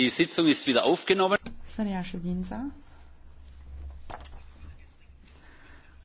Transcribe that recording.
Die Sitzung ist wieder